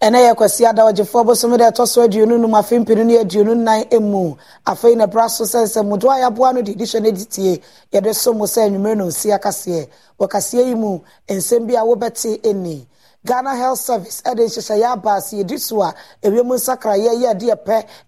ɛnɛ yɛ kwasi adawagyefoɔ bosom de ɛtɔ so aduonu num afei ne aduonu nan emu afei na ɛbra so sɛ sɛ mudoa a yɛaboa no de edihyɛ no editie yɛde so mu sɛ anwummerɛ no nsi akaseɛ wɔ kaseɛ yi mu nsɛm bi a wobɛte ɛni ghana health service ɛde nhyehyɛeɛ aba ase yɛdi so a ewiem nsakraeɛ yɛ adeɛ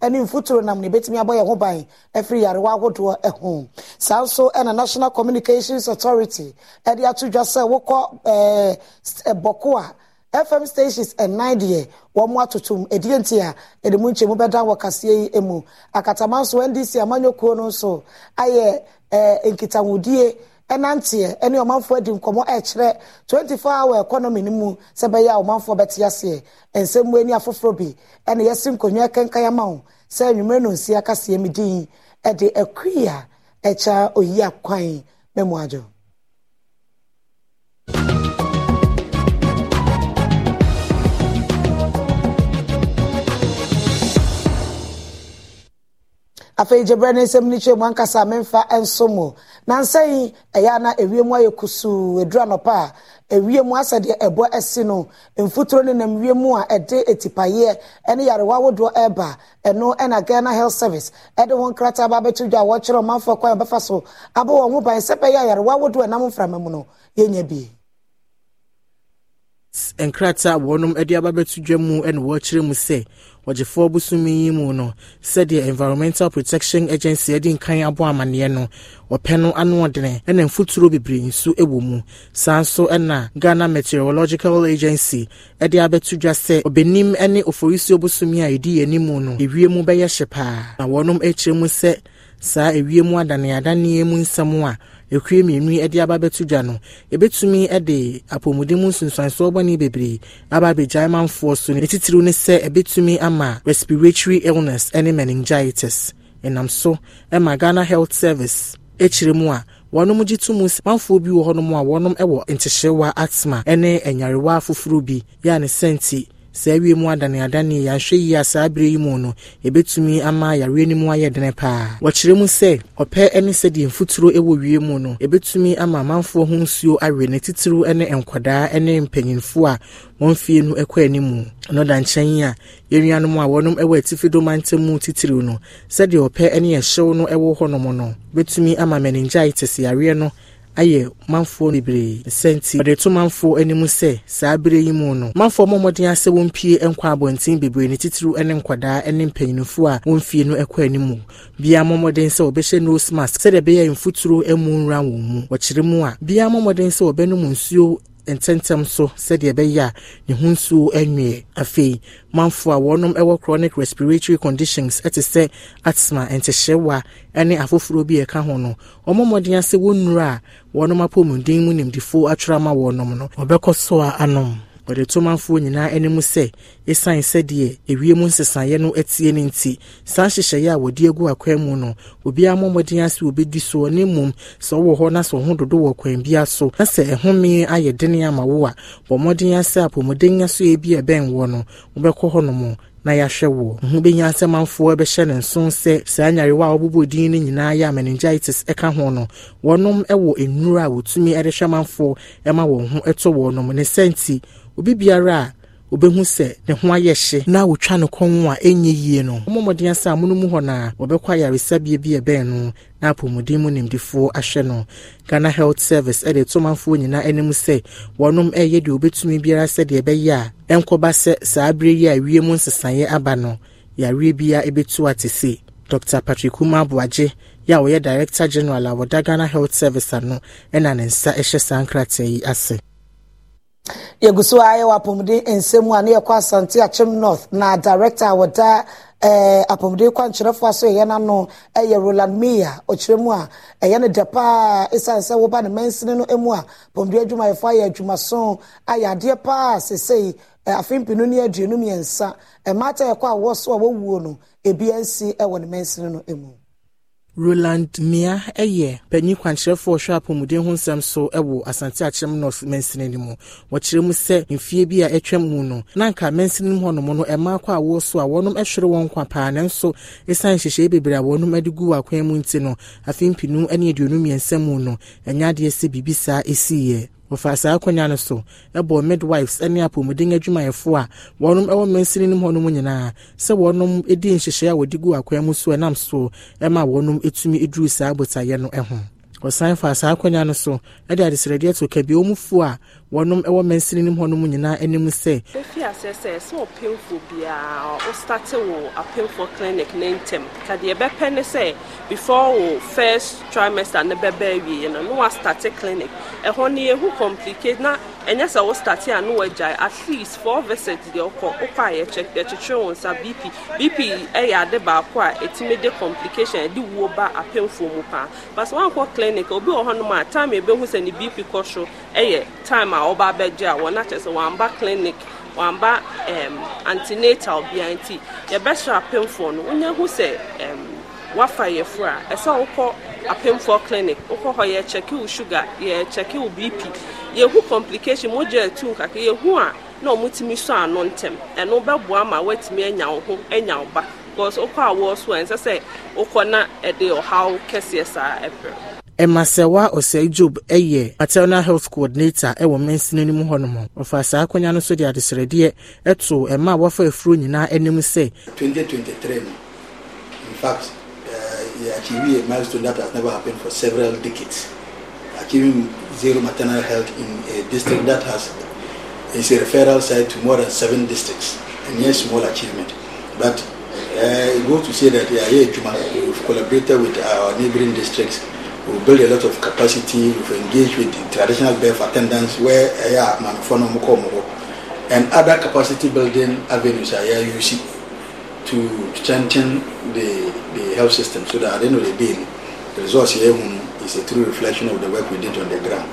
pɛ ne mfuturo nam na ebetumi abɔ yɛn ho ban afiri yarewa ahodoɔ ho saa nso ɛna national communications authority ɛde ato dwa sɛ wokɔ ɛɛ ɛbɔko eh, eh, a fm stations ɛnan deɛ wɔn atotom ɛdeɛ nti a ɛde mu nkyɛn mu bɛda wɔ kaseɛ yi mu akatama nso ndc amanyɔkuo no nso ayɛ ɛɛ nkitahudie ɛnanteɛ ɛne ɔmanfoɔ adi nkɔmɔ ɛkyerɛ twenty four hour economy no mu sɛ bɛyɛ a ɔmanfoɔ bɛte aseɛ nsɛmmu ani afoforɔ bi ɛna yɛsi nkonnwa kankan ama ho sɛ nwumire no nsia kaseɛ mi din ɛde akuya ɛkyɛ oyi akwan mɛmu afei gyebrɛ ne nsɛm no kyerɛ mu ankasa memfa nso mu nansa yi ɛyɛ ana ewiem ayɛ kusuu aduru anɔpa a ewiem asɛdeɛ ɛbɔ ɛsi no mfuturo ne nam wiem a ɛde etipayeɛ ɛne yarewa ahodoɔ ɛreba ɛno ɛna ghana health service ɛde wɔn krataa ba abɛto dwa a wɔkyerɛ ɔmanfoɔ kwan bɛfa so abɔ wɔn ho ban sɛ bɛyɛ a yarewa ahodoɔ ɛnam mframa mu no yɛnya bi nkrataa a wɔnom de aba bɛto dwa mu ɛna wɔrekyerɛ mu sɛ wɔgyefoɔ busumi yi mu no sɛdeɛ environmental protection agency de nkan abo amanneɛ no wɔpɛ no anoɔdene ɛna mfuturo bebree nso wɔ mu saa nso ɛna ghana meteorological agency ɛde abɛto dwa sɛ ɔbɛnim ne oforisuo bosomi a ɛdi yɛ anim no ewie mu bɛyɛ hye paa na wɔnom akyerɛ mu sɛ saa ewie mu adaneadaneɛ mu nsɛm a ɛhwie mmienu de aba bɛto dwa no ɛbɛtumi de apɔmuden mu nsonsansoɔ bɔne bebree aba abɛgyae manfoɔ so no titiriw ne sɛ ɛbɛtumi ama respiratory illness ne meningitis ɛnam so ma ghana health service akyire mu a wɔnom gye to mu sɛ manfoɔ bi wɔ hɔnom a wɔnom wɔ nkyehyewa atma ne anyarewa foforɔ bi yɛ a ne sɛ saa awie mu adane adane yɛahwɛ yi a saa berɛ yi mu no yɛbɛtumi ama yareɛ no mu ayɛ dene paa wɔkyerɛ mu sɛ ɔpɛ ne sɛdeɛ mfuturo ɛwɔ wie mu no yɛbɛtumi ama amanfoɔ ho nsuo awe ne titiriw ne nkwadaa ne mpanyinfoɔ a wɔn fie no ɛkɔ animu ɛno da nkyɛn a yɛnuanom a wɔnom ɛwɔ atifi do mantam mu titiriw no sɛdeɛ ɔpɛ ne ɛhyew no ɛwɔ hɔnom no bɛtumi ama meningitis yareɛ no ayɛ manfoɔ bebree nsɛnti ɔde to manfoɔ anim sɛ saa bere yi mu no manfoɔ ma mmɔden asɛ wɔmpie nkɔ abɔnten bebree ne titiriw ne nkwadaa ne mpanyinfoɔ a wɔmfie no kɔ anim bia ma mmɔden sɛ wɔbɛhyɛ nose mask sɛdeɛ ɛbɛyɛ mfuturo mu nwura wɔn mu wɔkyerɛ mu a bia ma mmɔden sɛ wɔbɛnom nsuo ntɛntɛm so sɛdeɛ ɛbɛyɛ a ne ho nsuo anwie afei manfo a wɔnom ɛwɔ chronic respiratory conditions ɛte sɛ asthma ntɛhyɛwa ɛne afoforɔ bi ɛka ho no wɔn mmɔden ase wɔn nnura a wɔnom apɔmuden mu nimdefo atwerɛ ama wɔnom no wɔbɛkɔ so a anom wɔde to manfoɔ nyinaa anim sɛ ɛsiane sɛdeɛ ewiem nsesaeɛ no atie no nti saa nhyehyɛeɛ a wɔde agu akwan mu no obiara mmɔmmɔden ase wɔbɛdi soɔ ne mmom sɛ ɔwɔ hɔ na sɛ ɔho dodo wɔ kwan bia so na sɛ ɛhome ayɛ dene ama wo a bɔ mmɔden ase apɔmuden aso ebi ɛbɛn wɔ no wobɛkɔ hɔnom na yɛahwɛ woɔ ho bɛnya asɛmanfoɔ bɛhyɛ ne nso sɛ saa nyarewa a wɔbobɔ din no nyinaa yɛ a meningitis ka ho no wɔnom wɔ nnuro a wɔtumi de hwɛ manfoɔ ma wɔn ho to wɔnom ne sɛ nti obi biara a wobɛhu sɛ ne ho ayɛ hye na wotwa no kɔn a ɛnyɛ yie no mmɔmmɔden asɛ amono mu hɔ no a wɔbɛkɔ ayaresabea bi ɛbɛn no na apɔmuden mu nimdifoɔ ahwɛ no ghana health service ɛde tomanfoɔ nyinaa anim sɛ wɔnom ɛreyɛ deɛ wobɛtumi biara sɛdeɛ ɛbɛyɛ a ɛnkɔba sɛ saa berɛ yi a wie mu nsesaeɛ aba no yareɛ bia ɛbɛtu ate se dr patrick kuma aboagye yɛ a wɔyɛ director general a wɔda ghana health service ano ɛna ne nsa ɛhyɛ saa nkrataa yi ase yɛgu so a yɛwɔ apɔmuden nsɛm a ne yɛkɔ asante akyem north na director a wɔda eh, apɔmuden kwankyerɛfoɔ aso ɛyɛ n'ano ano yɛ roland meya ɔkyerɛ mu a ɛyɛ no ne dɛ paa ɛsiane sɛ wɔba ne mansini no mu a apɔmuden adwumayɛfoɔ ayɛ adwumason ayɛ adeɛ paa sesei eh, afei ne aduonu mmiɛnsa mmaata yɛkɔ a so a wɔwuo no ebi ansi wɔ ne mansini no mu. roland mia yɛ panyin kwankyerɛfoɔ ɔhwɛ apɔmuden ho nsɛm so wɔ asante akyerɛm north mansini no mu wɔkyerɛ mu sɛ mfie bi a ɛtwam mu no na anka mansini mu hɔnom no ɛma akɔ awoɔ so a wɔnom hwere wɔn kwa paa nanso ɛsiane nhyehyɛe bebree a wɔnom de gu wɔ akwan mu nti no afei mpinu ne aduonu mmiɛnsa mu no ɛnyɛ adeɛ sɛ biribi saa ɛsiiɛ wɔfaa saa akonnwa no so ɛbɔɔ midwives ne apɔmuden adwumayɛfoɔ a wɔnom ɛwɔ mmansini no mu hɔnom nyinaa sɛ wɔnom di nhyehyɛe a wɔde gu akwan mu so ɛnam so ɛma wɔnom tumi duru saa botaeɛ no ho wɔsan faa saa akonnwa no so ɛde adesrɛdeɛ to kabiaomufoɔ a wɔnom ɛwɔ mɛnsini nim hɔnom nyinaa anim sɛ. efi ase sɛ sɛ ɔpɛnfo biara ɔstate wɔ apɛnfo clinic ne ntɛm kadeɛ bɛpɛ ne sɛ before wɔ first trimester ne bɛbɛ awie no no wastate clinic ɛhɔ ne yɛhu complicate na ɛnyɛ sɛ wostate a no wagyae at least four visit deɛ ɔkɔ wokɔ a yɛkyekyere wo nsa bp bp ɛyɛ ade baako a ɛtumi de complication ɛde wuo ba apɛnfo mu paa but wankɔ clinic obi wɔ hɔnom a time yɛbɛhu sɛ ne bp kɔ so ɛyɛ time a ọba ɔba a wɔn akyɛ sɛ wɔn aba clinic wamba um, antenatal bia nti yɛbɛsrɛ apemfoɔ no wonya hu sɛ um, wafa yɛfo a ɛsɛ wokɔ apemfoɔ clinic wokɔ hɔ yɛkyɛke wo sugar wo bp yɛhu complication mogya yɛhu a na ano ntɛm ɛno bɛboa ma woatumi anya wo ho anya wo ba because wokɔ so a ɛnsɛ wokɔ na ɛde ɔhaw kɛseɛ saa Mmasewa Osei Job yɛ maternal health coordinator wɔ mmansini no mu hɔnom ɔfa saa akonnwa no so de adesrɛdeɛ to mmaa wɔfa afuro nyinaa anim sɛ 2023 no in fact uh, eh, eh, achieving a milestone that has never happened for several decades achieving zero maternal health in a district that has is a referral site to more than seven districts and yes small achievement but uh, it goes to say that we are here Juma, we've collaborated with our neighboring districts we build a lot of capacity we engage with the traditional birth attendants where ɛyɛ a maamefoɔ no and other capacity building avenues a yɛa use to strengthen the the health system so that at the end of the day the results yɛahu no is a true reflection of the work we did on the ground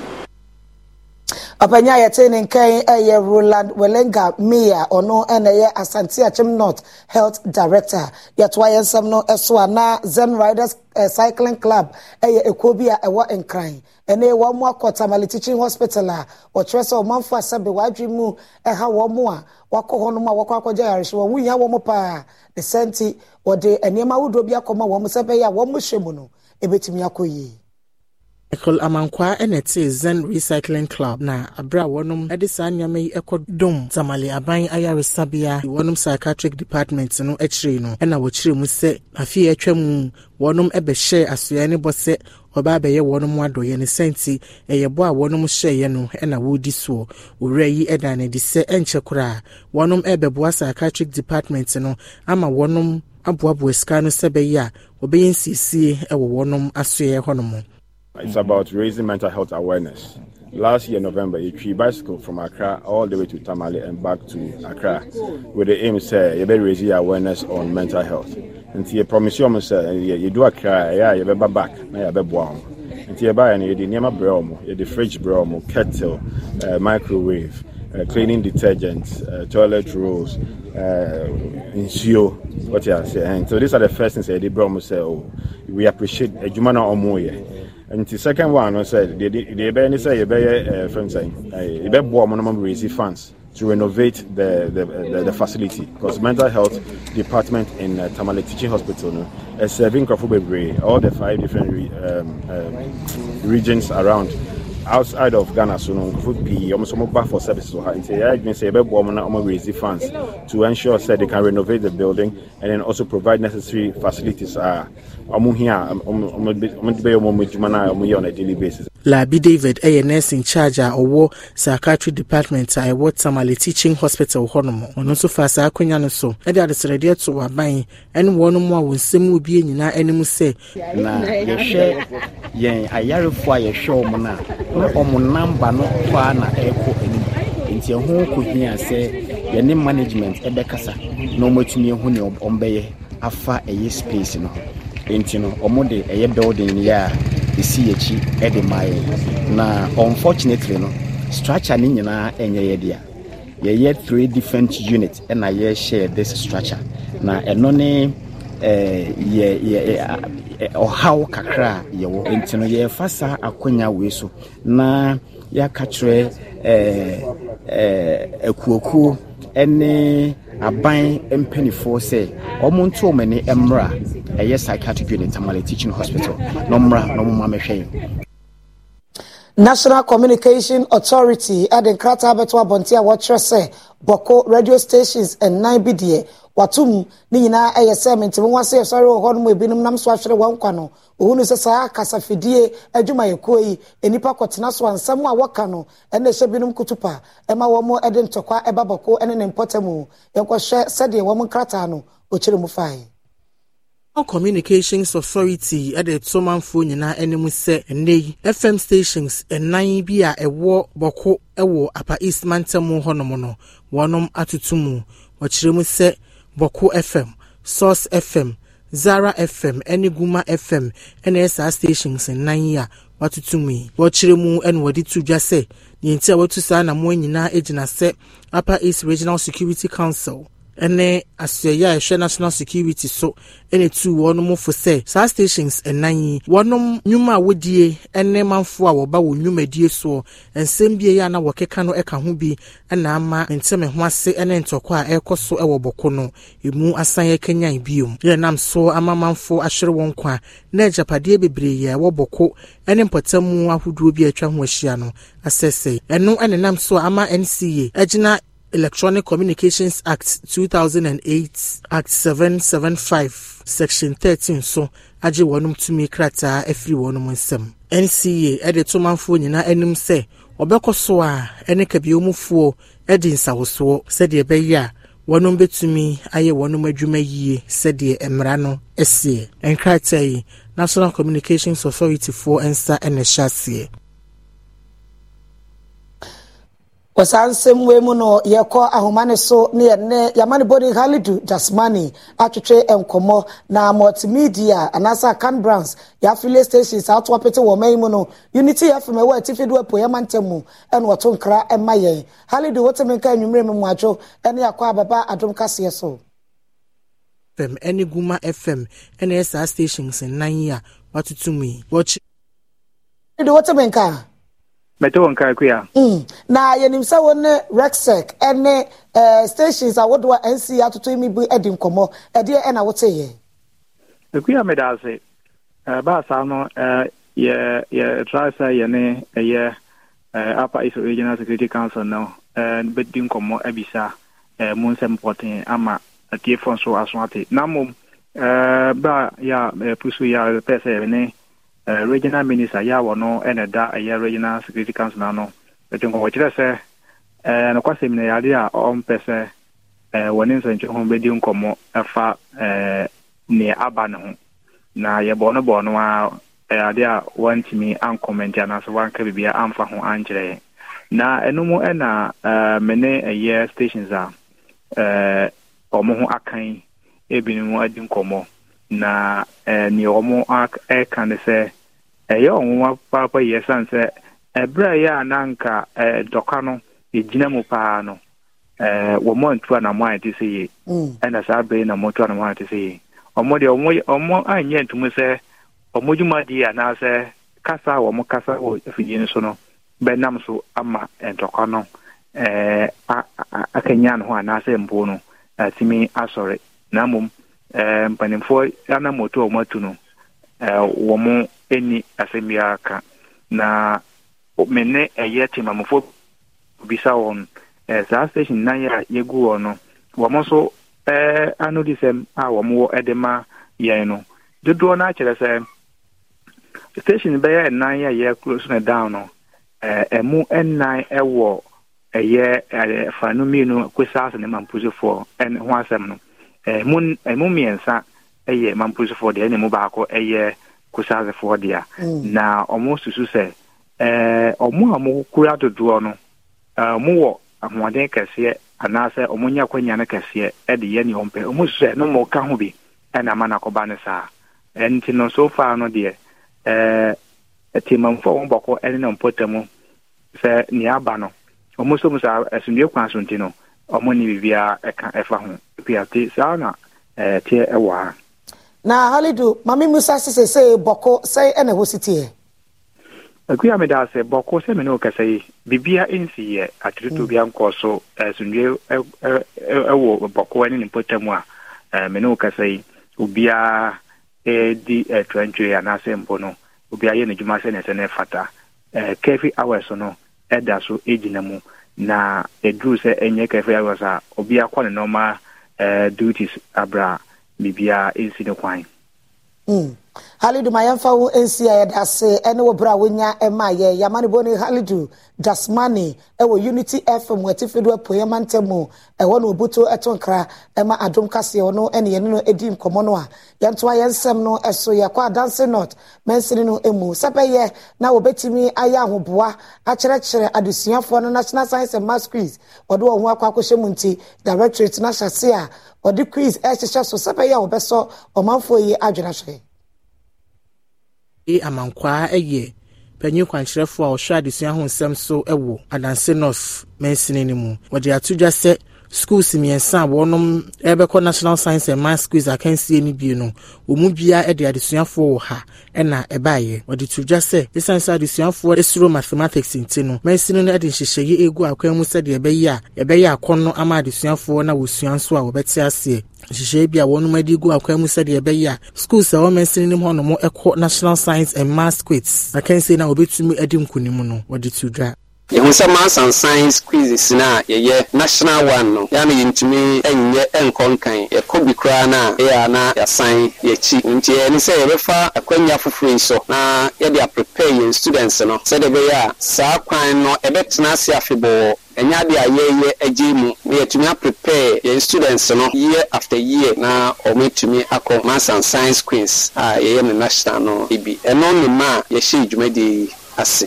ɔpanyin a yɛte ne nkan eh, yɛ roland welenga mia ɔno eh, na yɛ asante akyem north health director yɛtoa yɛn nsɛm no eh, so a na zen riders cycling club yɛ ekuo bi a ɛwɔ nkran ɛne wɔn mu akɔ tamale teaching hospital a wɔkyerɛ sɛ ɔmanfo asɛbe wadwi mu ɛha wɔn mu a wakɔ hɔ nom a wakɔ akɔgye ayarehwɛ wɔn wunya wɔn paa ne sɛnti wɔde nneɛma ahodoɔ bi akɔma wɔn sɛ bɛyɛ a wɔn hyɛ mu no ebetumi akɔ yie ɛkɔl amankwaa ɛna ɛte zen recycling club na abere a wɔnom ɛde saa nneɛma yi ɛkɔ dom tamale aban ayaresabea wɔnom psychiatric department no akyire no ɛna wɔkyerɛ mu sɛ afei atwa mu wɔnom ɛbɛhyɛ asoɛ ne bɔ sɛ ɔbaa bɛyɛ wɔnom adɔyɛ ne sɛnti ɛyɛ bɔ a wɔnom hyɛeɛ no ɛna wɔredi soɔ owura yi ɛda ne de sɛ ɛnkyɛ koraa wɔnom ɛbɛboa psychiatric department no ama wɔnom aboaboa sika no sɛ bɛyɛ a wɔbɛyɛ nsiesie ɛwɔ wɔnom asoɛ hɔnom It's about raising mental health awareness. Last year, November, a tree bicycle from Accra all the way to Tamale and back to Accra with the aim say, you better raise your awareness on mental health. And you promise you, say, you do Accra, yeah, you better back, now you better bomb. And you buy any, you did never bromo, you the fridge bromo, kettle, uh, microwave, uh, cleaning detergent, uh, toilet rolls, uh, insuo, what you are saying. So these are the first things that did bromo say, oh, we appreciate a eh, Jumana Omoye. nti second one no sɛ deɛ yɛbɛyɛ ne sɛ yɛbɛyɛ fɛm sɛ yɛbɛboa ɔmo no ma raise funds to renovate the the, the, the facility because mental health department in uh, Tamale Teaching Hospital no is serving Krafo Bebre all the five different re, um, um, regions around outside of Ghana so no food, pii ɔmo so mo ba for services wɔ i nti yɛ adwene sɛ yɛbɛboa ɔmo na ɔmo raise funds to ensure sɛ they can renovate the building and then also provide necessary facilities a ah, here. hia ɔmo ɔmo de be ɔmo adwuma na ɔmo here on a daily basis Labi David ɛyɛ nurse in charge a ɔwɔ psychiatry department a ɛwɔ Tamale teaching hospital hɔnom ɔno nso fa saa akonnwa no so ɛde adesrɛdeɛ to waban ɛne wɔn mu a wɔn nsɛm wɔ bie nyinaa anim sɛ. na yɛhwɛ yɛn ayarefoɔ a yɛhwɛ wɔn na na wɔn namba no kɔ a na ɛkɔ anim nti ɛho kɔhia sɛ yɛne management ɛbɛkasa na wɔatumi ɛho nea wɔbɛyɛ afa ɛyɛ space no nti no de ɛyɛ building yɛ a. ɛsi yɛkyi de ma yɛ na unfortunately no structure ne nyinaa ɛnyɛ yɛ dea yɛyɛ three different unit ɛna yɛhyɛ this structure na ɛno ne ɔhaw kakra a yɛwɔ nti no yɛfa saa akonnwa wei so na yɛaka kyerɛ akuokuo ne aban mpanimfoɔ sɛ wɔn nto wɔn ani mmra ɛyɛ psychiatric unit amala teaching hospital na mmra na wɔn mu amɛhwɛ national communication authority ɛde nkrataa bɛto abɔnten a wɔkyerɛ sɛ bɔkɔ radio stations nnan bi deɛ watom ne nyinaa yɛ sɛ mente mo wase ɛsɔre wɔ hɔ nom ebinom nam so ahwere wɔn nkwa no ohunu sɛ saa kasafidie adwumayɛkuo yi nnipa kɔtena so ansɛm a wɔka no ɛna ɛhyɛ binom kutupa ɛma wɔn de ntɔkwa ɛba bɔkɔ ne ne mpɔtam yɛnkɔhwɛ sɛdeɛ wɔn nkrataa no ɔkyerɛ mu faeɛ communications authority ɛde to manfoɔ nyinaa anim sɛ ɛnɛ yi fm stations ɛnan bi a ɛwɔ bɔko ɛwɔ apa east mantam hɔnom no wɔnom atoto mu wɔkyerɛ mu sɛ bɔko fm source fm zara fm ɛne guma fm ɛna ɛsaa stations nan yi a watoto mu yi wɔkyerɛ mu ɛna wɔde to dwa sɛ deɛ nti a watu saa anamoa nyinaa gyina sɛ upper east regional security council ne asɛeɛ a ɛhwɛ national security so ne tu wɔnom fo sɛ saa stations ɛnan yi wɔnom nnwuma a wɔdie ne manfoɔ a wɔba wɔ nnwumadie soɔ nsɛm bie yi a na wɔkeka no ka ho bi na ama ntɛm ho ase ne ntɔkwa a ɛrekɔ so wɔ bɔko no emu asan yɛkanyan biom yɛnam so ama manfoɔ ahyere wɔn kwa na agyapadeɛ bebree yɛ ɛwɔ bɔko ne mpɔtamu ahodoɔ bi a atwa ho ahyia no asɛsɛe ɛno nenam so ama nca agyina Electronic Communications Act 2008 Act 775 Section 13 so agye wɔn tumi krataa afiri wɔn nsam. NCA ɛde to manfoɔ nyinaa anim sɛ ɔbɛkɔ so a ɛne kabiomufoɔ ɛde nsawosoɔ sɛdeɛ ɛbɛyɛ a wɔn bɛtumi ayɛ wɔn adwuma yie sɛdeɛ mmara no ɛseɛ. Nkrataa yi National Communications Authority foɔ nsa ɛna ɛhyɛ aseɛ. wɔsaa nsɛm wei mu no yɛkɔ ahoma ne so ne yɛne yɛma ne bodi halidu jasmani atwetwe nkɔmmɔ na multimedia anaasɛ acan brands yɛafile station saa to apete wɔ man mu no unity fm ɛwɔ atifi do apo yɛma ntam mu ɛne wɔto nkra ɛma yɛn halidu wotemi nka anwummerɛ mu mmoadwo ne akɔ ababa adom kaseɛ so fm ne guma fm ne ɛsaa stations nnan yi a watotom yi wɔkyi halidu wotemi nka mɛtɛ wɔn kaa kuya. na yɛnim sɛ wo ne rexec ɛne ɛɛ eh, stations ahodoɔ a nc atoto mi bi ɛdi nkɔmɔ ɛdeɛ ɛna wote yɛ. ekuya mi da ase ɛɛ eh, baasa no ɛɛ eh, yɛ yɛ ɛyɛ apa iso regional security council no ɛɛ bɛdi nkɔmɔ abisa ɛɛ mu nsɛm pɔtɛn ama atiefo nso aso ate na mmom ɛɛ yɛ pusu yɛ a pɛɛ sɛ yɛ regional minister ya wɔ no na ɛda ɛyɛ regional security council ano ɛti nkɔkɔ kyerɛ sɛ ɛɛ nokwasɛm na yare a ɔmpɛ sɛ ɛɛ wɔ ne nsɛnkyɛn ho bɛdi nkɔmɔ ɛfa ɛɛ nea aba ne ho na yɛbɔ no bɔ no a ɛyɛ ade a wɔntumi ankɔmɛnti anaasɛ wɔanka biribi amfa ho ankyerɛ yɛn na ɛno mu ɛna ɛɛ me ɛyɛ stations a ɛɛ wɔn ho akan ebinom adi nkɔmɔ na ɛɛ nea wɔn ɛka ne sɛ. ɛyɛ ɔnwoma paapa yie san sɛ ɛberɛ a a na nka dɔka no ɛgyina mu paa no wɔmɔ yie mm. ɛna saa na mɔtu anamo a ɛte sɛ yie ɔmo deɛ ɔmo anyɛ ntum sɛ ɔmo dwumadie anaasɛ kasa a kasa wɔ afidie no so no bɛnam so ama ntɔkwa no ɛɛ akanya ne ho anaasɛ mpo no asɔre na ɛɛ mpanimfoɔ a atu no ɛɛ ɛni asɛm biara ka na me ne ɛyɛ eh, temamufoɔ bisa wɔn ɛɛ eh, saa station nan eh, a yɛgu wɔn no wɔn nso ɛɛ anodisɛm a wɔn wɔ ɛde ma yɛn no dodoɔ no akyerɛ sɛ station bɛyɛ nan a yɛ close ne down no ɛɛ ɛmu nan ɛwɔ ɛyɛ ɛɛ fanu mmienu kwesase ne mamposifoɔ ɛne ho asɛm no ɛmu ɛmu mmiɛnsa ɛyɛ mamposifoɔ deɛ ɛna mu baako ɛyɛ. kusasefoɔ dea mm. na ɔmo susu sɛ ɔmo a mo kura dodoɔ no mowɔ ahoɔden kɛseɛ anaasɛ ɔmo nya kwanya no kɛseɛ de yɛ nea ɔmpɛ ɔmo susu sɛ no ma ɔka ho bi ɛna ama nakɔba no saa nti no so far no deɛ bɔkɔ ne mu sɛ nea aba no ɔmo so saa kwan so nti no ɔmo ne na halidu mami musa sese sɛ bɔko sɛ ɛna ɛwɔ si teɛ akua meda sɛ bɔko sɛ me ne wo kasa yi biribia nsi yɛ atototo bia nkɔ so asomdwe ɛwɔ bɔko ne ne mpɔta mu a e, me ne wo kasa yi obiaa e di e, twantwee anaasɛ mpo no obiaa yɛ n'adwuma sɛ ne sɛ ne fata kafi hours no ɛda so egyina mu na ɛduru sɛ ɛnyɛ kafi hours a obiaa kɔ ne nɔɔma duties abraa 比比亚·伊斯诺·夸伊。嗯。halidu mayamfa wo nsi a yɛde ase ne wɔ berɛ a wonya ɛma yɛ yamane bone halidu dasmani ɛwɔ e unity fm atifi do apo yɛma ntɛm mu ɛwɔ e no obuto ɛto nkra ɛma adom kaseɛ ɔno ne yɛne no di nkɔmmɔ no a yɛntoa yɛn nsɛm no ɛso e yɛkɔ adanse not mansini no mu sɛ bɛyɛ na wɔbɛtumi ayɛ ahoboa akyerɛkyerɛ adesuafoɔ no national science and math quiz wɔde wɔn ho akɔ akɔhyɛ mu nti directorate no ahyɛ a wɔde quiz ɛhyehyɛ so sɛ bɛyɛ a wɔbɛsɔ ɔmanfoɔ yi adwenahwɛ e amankwa yɛ panyin kwankyerɛfoɔ a ɔhwɛ adesua ho nsɛm so wɔ adanse north mansini no mu wɔde ato dwa sɛ schools mmiɛnsa a wɔnom ɛbɛkɔ national science and math schools akansie no bio no wɔn mu biara de adesuafoɔ wɔ ha ɛna ɛbaayɛ wɔde to dwa sɛ ɛsan so adesuafoɔ esuro mathematics nti no mɛnsin no de nhyehyɛeɛ egu akwan mu sɛdeɛ ɛbɛyɛ a ɛbɛyɛ akɔnɔ ama adesuafoɔ na wɔsua nso a wɔbɛte aseɛ nhyehyɛe bi a wɔnom adi gu akwan mu sɛdeɛ ɛbɛyɛ a schools a wɔn mɛnsin no mu hɔnom ɛkɔ national science and math schools akansie na wɔbɛtumi adi nkunim no wɔde to dwa yɛhu sɛ mansan science quizzes no a yɛyɛ national one no yɛa na yɛntumi ɛnyɛ ɛnkɔ nkan yɛkɔ bi koraa no a ɛyɛ a na yɛasan yɛakyi nti ɛne sɛ yɛbɛfa akwanya foforɔ yi so na yɛde aprepare yɛn students no sɛdeɛ ɛbɛyɛ a saa kwan no ɛbɛtena ase afebɔɔ ɛnyɛ ade a yɛyɛ agye mu na yɛtumi aprepare yɛn students no year after year na ɔmatumi akɔ mansan science quiz a yɛyɛ ne national no bi ɛno ne ma a yɛhyɛ dwumadi ase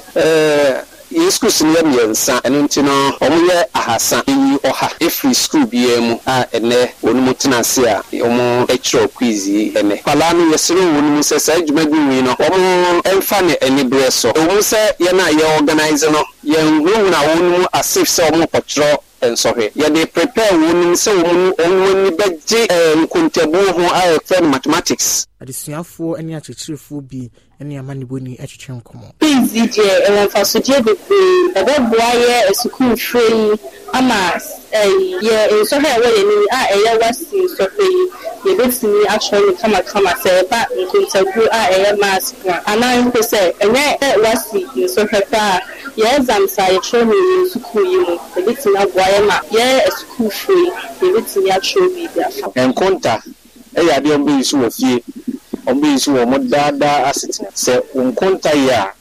yɛn sukuu si no yɛ mmiɛnsa ɛno nti no wɔn yɛ ahasa ɛyi ɔha efiri sukuu biara mu a ɛnɛ wɔn mu tena ase a wɔn ɛkyerɛ quiz yi ɛnɛ kwadaa no yɛsere wɔn mu sɛ saa dwumadwuma yi no wɔn ɛmfa ne aniberɛ so wɔn sɛ yɛn a yɛ organize no yɛn nwura wɔn mu asif sɛ wɔn kɔtwerɛ nsɔhwɛ yɛde prepare wɔn sɛ wɔn wɔn bɛgye nkontabuo ho a yɛfrɛ no mathematics. adesuafoɔ ne akyerɛkyerɛfoɔ bi ne amanebɔni akyekyere nkɔmmɔ besi deɛ ɛwɔ mfasodeɛ bebree ɛbɛboa yɛ asukuumfrɛ yi ama eh, yɛ nsɔhwɛ a ɛwɔ yɛ anim a ɛyɛ wasi nsɔhwɛ yi yɛbɛtumi atwerɛ no kamakama sɛ ɛba nkontaguru a ɛyɛ maas gra anaa mpo sɛ ɛnyɛ wasi nsɔhwɛ pɛ a yɛ exams a yɛtwerɛ no yɛ sukuu yi mu yɛbɛtumi aboa yɛ ma yɛ asukuufo yi yɛbɛtumi atwerɛ biribi afa nkonta ɛyɛ adeɛ mbɔ yi so wɔ fie ɔmo yi nso wɔn daadaa asetena sɛ wɔn kontaeɛ a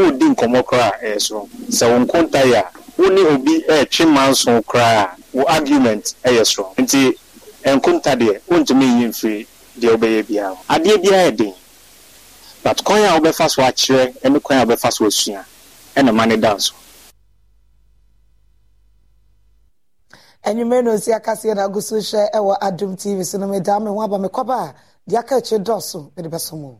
wɔredi nkɔmɔ koraa ɛyɛ soro sɛ wɔn a wɔne obi ɛretwe manso koraa argument ɛyɛ soro nti wɔntumi mfiri deɛ ɔbɛyɛ biara adeɛ biara yɛ den but kwan a wɔbɛfa so akyerɛ kwan a wɔbɛfa so asua ɛna ma da nso. enyimire osi akasie na agusu hwɛ ɛwɔ adum tv so na aba kɔba a. deɛ aka akyire dɔɔso de bɛso mu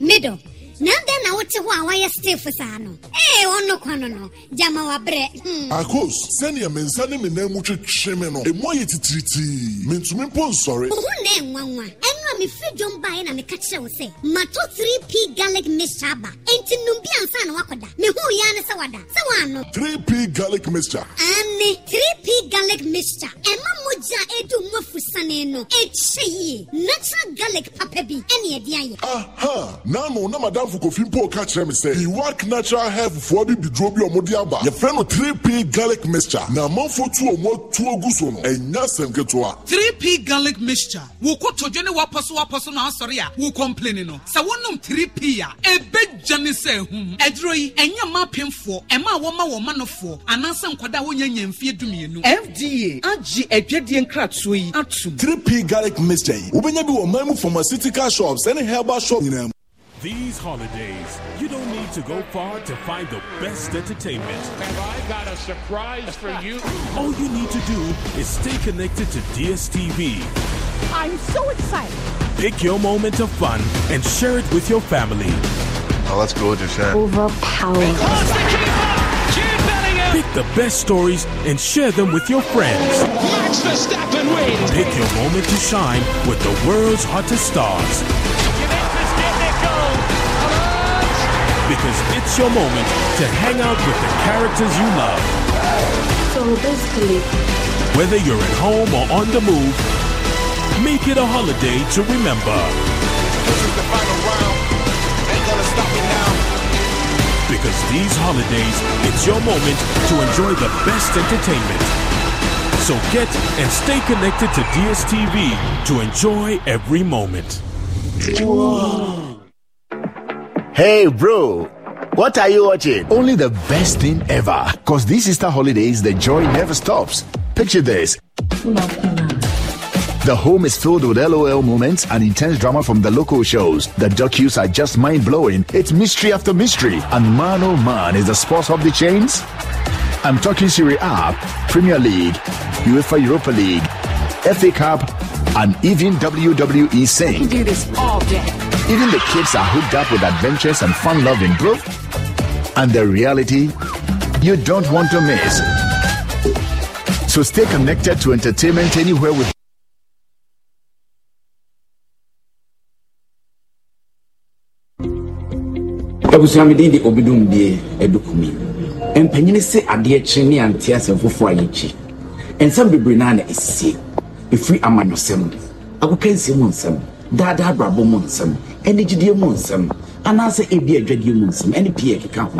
middle na dɛn na wote hɔ a wayɛ stefo saa no ee ɔno kɔ no no gyama wabrɛ akos sɛnea me nsa ne me nan mu twetwe me no ɛmu ayɛ titiritii mentumi mpo nsɔre ohu na ɛnwanwa mefiri dwom baeɛ na meka kyerɛ wo sɛ mato 3p garlic mixture aba enti nnom bi ansa na woakɔda mehuu yɛa ne sɛ wada sɛ woano 3p garlic mixture ane 3p garlic mixture ɛma mogya a ɛdu mu afusane no ɛkyɛ yie natural garlic papa bi ɛne ɛde ayɛ aha nano na madamfo kofi mpo ka kyerɛ me sɛ iwak natural hair fufuo bi biduro bi ɔmo de aba yɛfrɛ no 3p garlic mixture na amanfo tu omo atuo gu so no ɛnya sɛm ketewa 3p garlic mixture wò kó tòjó ne wàá pɔ so apɔ so na asɔre a wo complain no sɛ wonom 3p a ɛbɛgya ne sɛ hum ɛduro yi ɛnyɛ ma apemfoɔ ɛma a wɔma wɔn manofoɔ anaasɛ nkwadaa a wɔnya nya mfie dumienu. fda agye adwadie nkratoɔ yi atum. 3p garlic mixture yi wobɛnya bi wɔ man mu pharmaceutical shops ɛne herbal shop nyinaa mu. These holidays, you don't need to go far to find the best entertainment. Have I got a surprise for you? All you need to do is stay connected to DSTV I'm so excited. Pick your moment of fun and share it with your family. Oh, that's gorgeous, huh? Overpowering. Pick the best stories and share them with your friends. Max Verstappen wins. Pick your moment to shine with the world's hottest stars. Because it's your moment to hang out with the characters you love. So basically, whether you're at home or on the move, make it a holiday to remember. This is the final round. Ain't gonna stop me now. Because these holidays, it's your moment to enjoy the best entertainment. So get and stay connected to DSTV to enjoy every moment. Whoa. Hey, bro. What are you watching? Only the best thing ever. Cause these Easter holidays, the joy never stops. Picture this. The home is filled with LOL moments and intense drama from the local shows. The docus are just mind blowing. It's mystery after mystery. And man oh man, is the sports of the chains? I'm talking Serie A, Premier League, UEFA Europa League, FA Cup, and even WWE Sing. do this all day. Even the kids are hooked up with adventures and fun loving growth. And the reality you don't want to miss. So stay connected to entertainment anywhere with abusua mi de obidum die edukumi mpanyini sɛ adeɛ kyerɛ ne ante asɛm foforɔ a yɛkyi nsɛm bebree naa na ɛsie ɛfiri amanyɔsɛm agokansie mu nsɛm daadaa abrabɔ mu nsɛm anigyedeɛ mu nsɛm anaasɛ ebi adwadeɛ mu nsɛm ɛne pii ɛkeka ho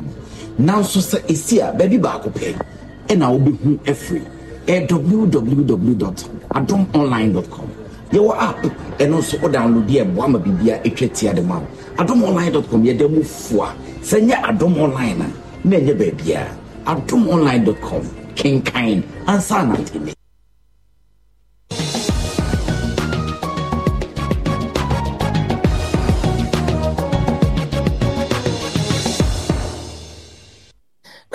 nanso sɛ ɛsi a baabi baako pɛ ɛna wobɛhu afiri www adomponline com yɛwɔ app ɛno nso wo download yɛ boa ma biribia ɛtwa tia de ma wo adom online com yɛda mu foa sɛ nyɛ adom online a na ɛnyɛ baabiaa adom online com kenkan ansa anantɛne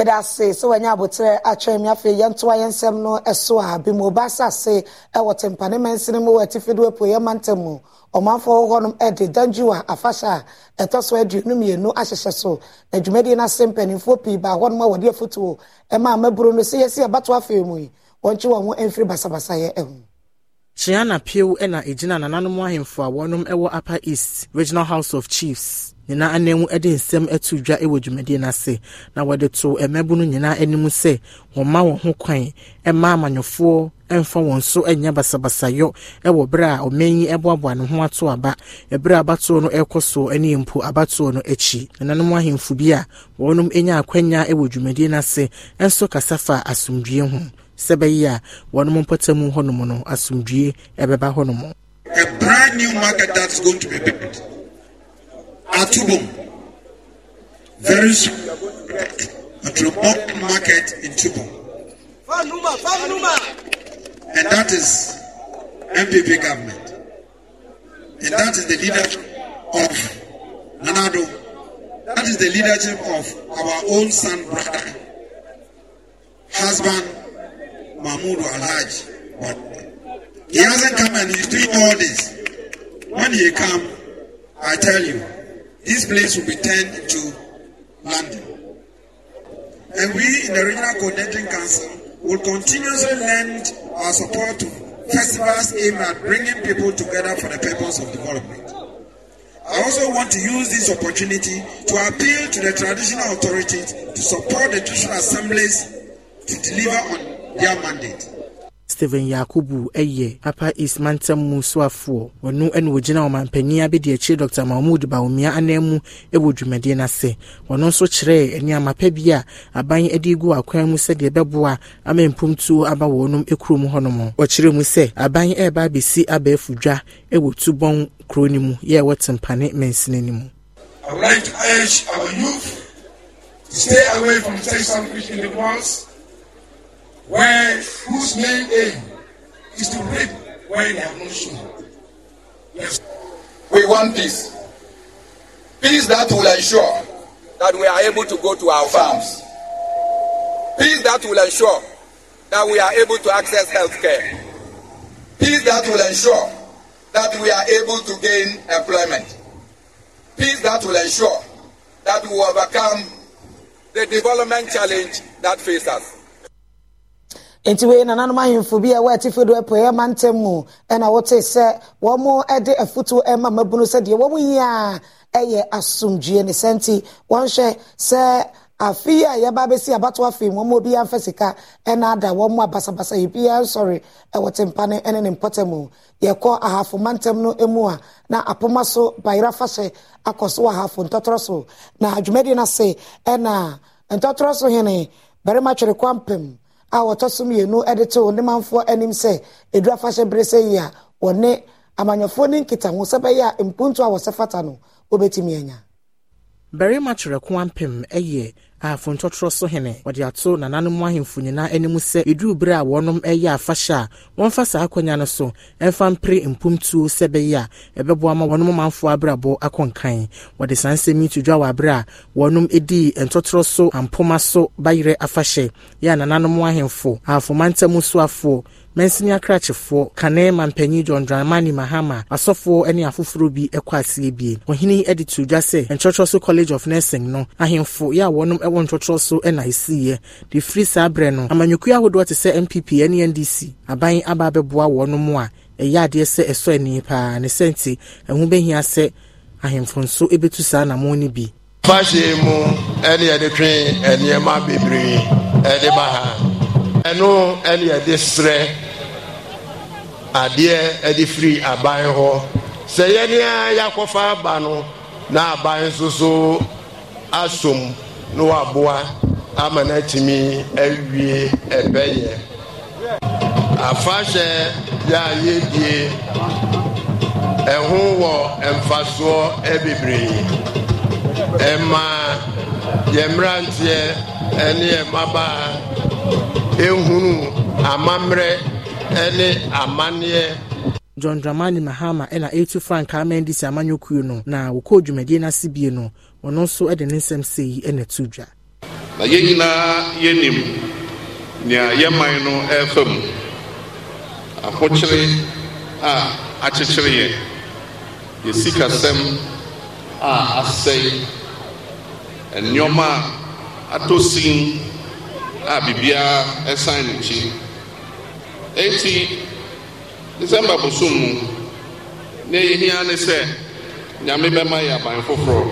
yɛda ase sɛ wɔanya abotire atwɛn mi afei yɛntoa yɛn nsɛm no e e e so a bi ɔba asase wɔ tempane mansini mu wɔ atifi do apu yɛ mantam mu ɔmanfoɔ wɔ hɔnom de danjuwa afahyɛ a ɛtɔ so aduonu mmienu ahyehyɛ so na dwumadie no ase mpanimfoɔ pii baa hɔnom a wɔde afotuo ɛma amaburo no sɛ yɛsi abatoa afei mu yi wɔnkye wɔn ho mfiri basabasayɛ ho Chiana Pew na egyina nananom ahemfo a wɔnom wɔ Upper East Regional House of Chiefs nyinaa anam mu de nsɛm ato dwa wɔ dwumadie n'ase na wɔde to mmɛbo no nyinaa anim sɛ wɔma wɔn ho kwan ma amanyɔfoɔ mfa wɔn so anya basabasayɔ wɔ berɛ a ɔman yi boaboa ne ho ato aba berɛ a abatoɔ no rekɔ so ne mpo abatoɔ no akyi nananom ahemfo bi a wɔnom anya akwanya wɔ dwumadie n'ase ase nso kasa fa asomdwie ho sɛ bɛyɛ a wɔnom mpɔtamu hɔnom no asomdwie bɛba hɔnom A brand new market that's going to be built. Atubum. Very soon at Remote Market in Tubum. And that is MPP government. And that is the leader of Nanado. That is the leadership of our own son, brother, husband, Mahmoud Alhaj. But he hasn't come and he's doing all this. When he come, I tell you, This place will be turned into London. And we in the Regional Coordinating Council will continuously lend our support to festivals aimed at bringing people together for the purpose of development. I also want to use this opportunity to appeal to the traditional authorities to support the traditional assemblies to deliver on their mandate. stephen yakubu yɛ apa east mantam mu soafoɔ wɔno na wɔgyina ɔmanpanyin abɛdi akyire dr mahmood baomia anan mu wɔ dwumadie no ase wɔno nso kyerɛɛ nneɛma pa bi a aban de gu akwan mu sɛdeɛ ɛbɛboa ama mpomtuo aba wɔnom kurom hɔnom wɔkyerɛ mu sɛ aban reba abɛsi abɛɛfo dwa wɔ tubɔn kuro no mu yɛ ɛwɔ tempane mansini no mu I would like to urge our youth to stay away from sexual mischievous where whose main aim is to reap where they have not sown. Yes. We want peace. Peace that will ensure that we are able to go to our farms. Peace that will ensure that we are able to access health care. Peace that will ensure that we are able to gain employment. Peace that will ensure that we overcome the development challenge that faces us nti wei na nanom ahemfo bi a wɔatifi do ɛpo ɛyɛ mantam mu ɛna wɔte sɛ wɔn de afutuo ɛma mabunu sɛdeɛ wɔn yi a ɛyɛ asomdwie ne sɛ nti wɔnhwɛ sɛ afi a yɛba abɛsi abatoa afei wɔn obi amfa sika ɛna ada wɔn a ebi ansɔre ɛwɔ tempa ne ɛne ne mpɔtɛ mu yɛkɔ ahafo mantam no mu a na apoma so bayera fahyɛ akɔ so wɔ ahafo ntɔtɔrɔ so na adwumadi no ase ɛna ntɔtɔrɔ so hene barima twere kwampem a wɔtɔ so mmienu de to ne manfoɔ anim sɛ edu afahyɛ bere sɛ yie a wɔne amanyɔfoɔ ne nkitaho sɛ bɛyɛ a mpuntu a wɔsɛ fata no wɔbɛtumi anya. barima kyerɛko ampem yɛ a fontɔtrɔ so hene wɔde ato nananom ahemfo nyinaa anim sɛ yɛduru bere a wɔnom ɛyɛ afahyɛ a wɔmfa saa akɔnya no so ɛmfa mpere mpomtuo sɛ ɛbɛyɛ a ɛbɛboa ma wɔnom manfo abrabɔ akɔnkan wɔde saa nsɛm yi to dwa wɔ abere a wɔnom dii ntɔtrɔ so ampoma so bayerɛ afahyɛ yɛ a nananom ahemfo ahafomanta mu soafoɔ mansini akrakyefoɔ kanema mpanyin john dramani mahama asɔfoɔ ne afoforɔ bi kɔ aseɛ bie ɔhene de to dwa sɛ nkyerɛkyerɛ so college of nursing no ahemfo yɛ a wɔnom wɔ nkyerɛkyerɛ so na ɛsiiɛ de firi saa berɛ no amanyɔkuo ahodoɔ te sɛ npp ne ndc aban aba abɛboa wɔnom a ɛyɛ adeɛ sɛ ɛsɔ ani paa ne sɛ nti ɛho bɛhia sɛ ahemfo nso ɛbɛtu saa namo no bi fahye mu ɛne yɛde twe nneɛma bebree ɛde ba ha ɛno ɛne yɛde serɛ adeɛ de firi aban hɔ sɛ yɛne a yɛakɔfa aba no na aban nso so asom na waboa ama no atumi awie ɛbɛyɛ afahyɛ yɛ a yɛdie ɛho wɔ mfasoɔ bebree ɛma yɛ mmeranteɛ ne mmabaa ɛhunu amammerɛ ne amanneɛ john dramani mahama ɛna ɛretu Frank mandi si amanyɛ no na wɔkɔɔ dwumadie no ase bie no ɔno nso de ne nsɛm sɛ yi ɛna ɛto dwa na yɛn nyinaa yɛnim nea yɛman no ɛrefa mu ahokyere a akyekyere yɛ yɛsikasɛm a asɛe nneɔma a atɔ sin a biribiara ɛsan ne kyi eti disemba bụ sum mu n'eyi hia ne sɛ nyame bɛma yɛ aban foforɔ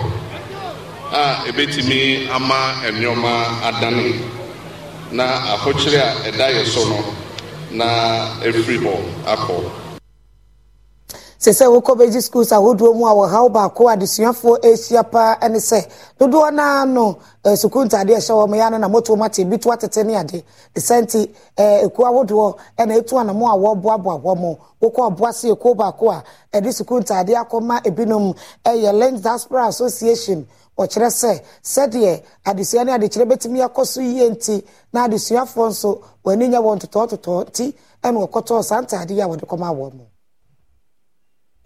a ebetumi ama nneɛma adane na ahokyere a ɛda yɛ so no na efiri hɔ akɔ. te sɛ wokɔ bɛgye schools ahodoɔ mu a wɔhaw baako adesuafoɔ ahyia paa ne sɛ dodoɔ naa no eh, sukuu ntaade ɛhyɛ wɔn ya no na moto mate bi to atete ne ade sɛnti ekuo eh, ahodoɔ ɛna etu anamo a wɔreboaboa wɔn wokɔ ɔboase ekuo baako a ɛde eh, sukuu ntaade akɔma ebinom ɛyɛ lens diaspora association ɔkyerɛ sɛ sɛdeɛ adesua ne adekyerɛ bɛtumi akɔ so yie nti na adesuafoɔ nso wɔn ani nyɛ wɔn totɔɔtotɔɔ nti ɛna wɔkɔtɔɔ saa ntaadeɛ a wɔde kɔma wɔn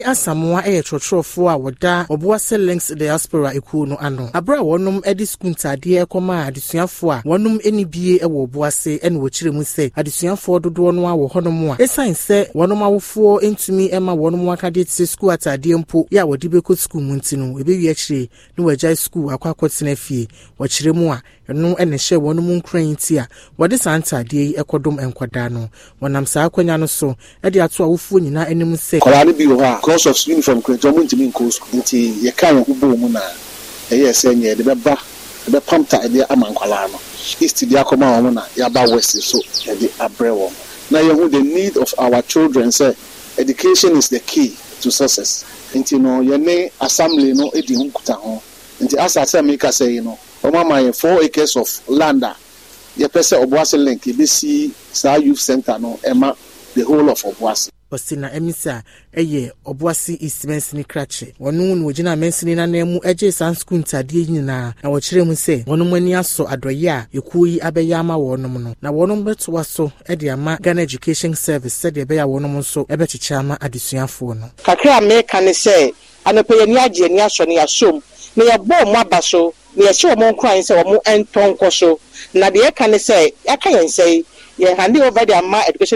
asamoa yɛ twerɛtwerɛfoɔ a wɔda ɔboase links diaspora ekuo no ano abere a wɔnom de sukuu ntaadeɛ kɔmaa adesuafoɔ a wɔnom ani bie wɔ ɔboase ne wɔkyerɛ mu sɛ adesuafoɔ dodoɔ no a wɔ hɔnom a ɛsiane sɛ wɔnom awofoɔ ntumi ma wɔnom akadeɛ te sɛ sukuu ataadeɛ mpo yɛ a wɔde bɛkɔ sukuu mu nti no ɛbɛwie akyire na wɔagyae sukuu akɔ akɔtena fie wɔkyerɛ mu a ɛno na ɛhyɛ wɔn mu nkuran ti a wɔde saa ntadeɛ yi kɔdɔm nkwadaa no wɔnam saa akonnwa no so de ato awofoɔ nyinaa anim sɛ. kɔlaa no bi wɔ hɔ a because of uniform kurantɛ wɔn ntumi nkɔ sukuu nti yɛka yɛn ho bɔɔ mu na ɛyɛ sɛ nyɛ yɛde bɛba yɛbɛ pamta yɛde ama nkwadaa no east de akɔma wɔn na yɛaba west so yɛde abrɛ wɔn na yɛn ho the need of our children sɛ education is the key to success nti no yɛne assembly no di ho nkuta ho nti asa asɛ mi kasa yi no wɔn ma yɛ four acres of land a yɛpɛ sɛ ɔboase link ebesi saa youth center no ɛma the whole of ɔboase. ɔsi na ɛmisa ɛyɛ ɔboase east mɛnsini krakye wɔn na wɔgyina mɛnsini nanan mu ɛgye saa sukuu ntaadeɛ nyinaa na wɔkyerɛ mu sɛ wɔn ani asɔ adɔyɛ a ekuo yi abɛyɛ ama wɔn no na wɔn bɛtoa so ɛde ama ghana education service sɛdeɛ ɛbɛyɛ a wɔn nso ɛbɛkyekyɛ ama adesuafoɔ no. kakra a mɛka ne sɛ anapɛ yɛn ani agye ani asɔ ne yasɔm na yɛbɔ ɔmo aba so yɛhyɛ wɔn nkuran sɛ wɔn ntɔ nkɔ so na deɛ ɛka ne sɛ yɛaka yɛn sɛ yɛ hande over their ma education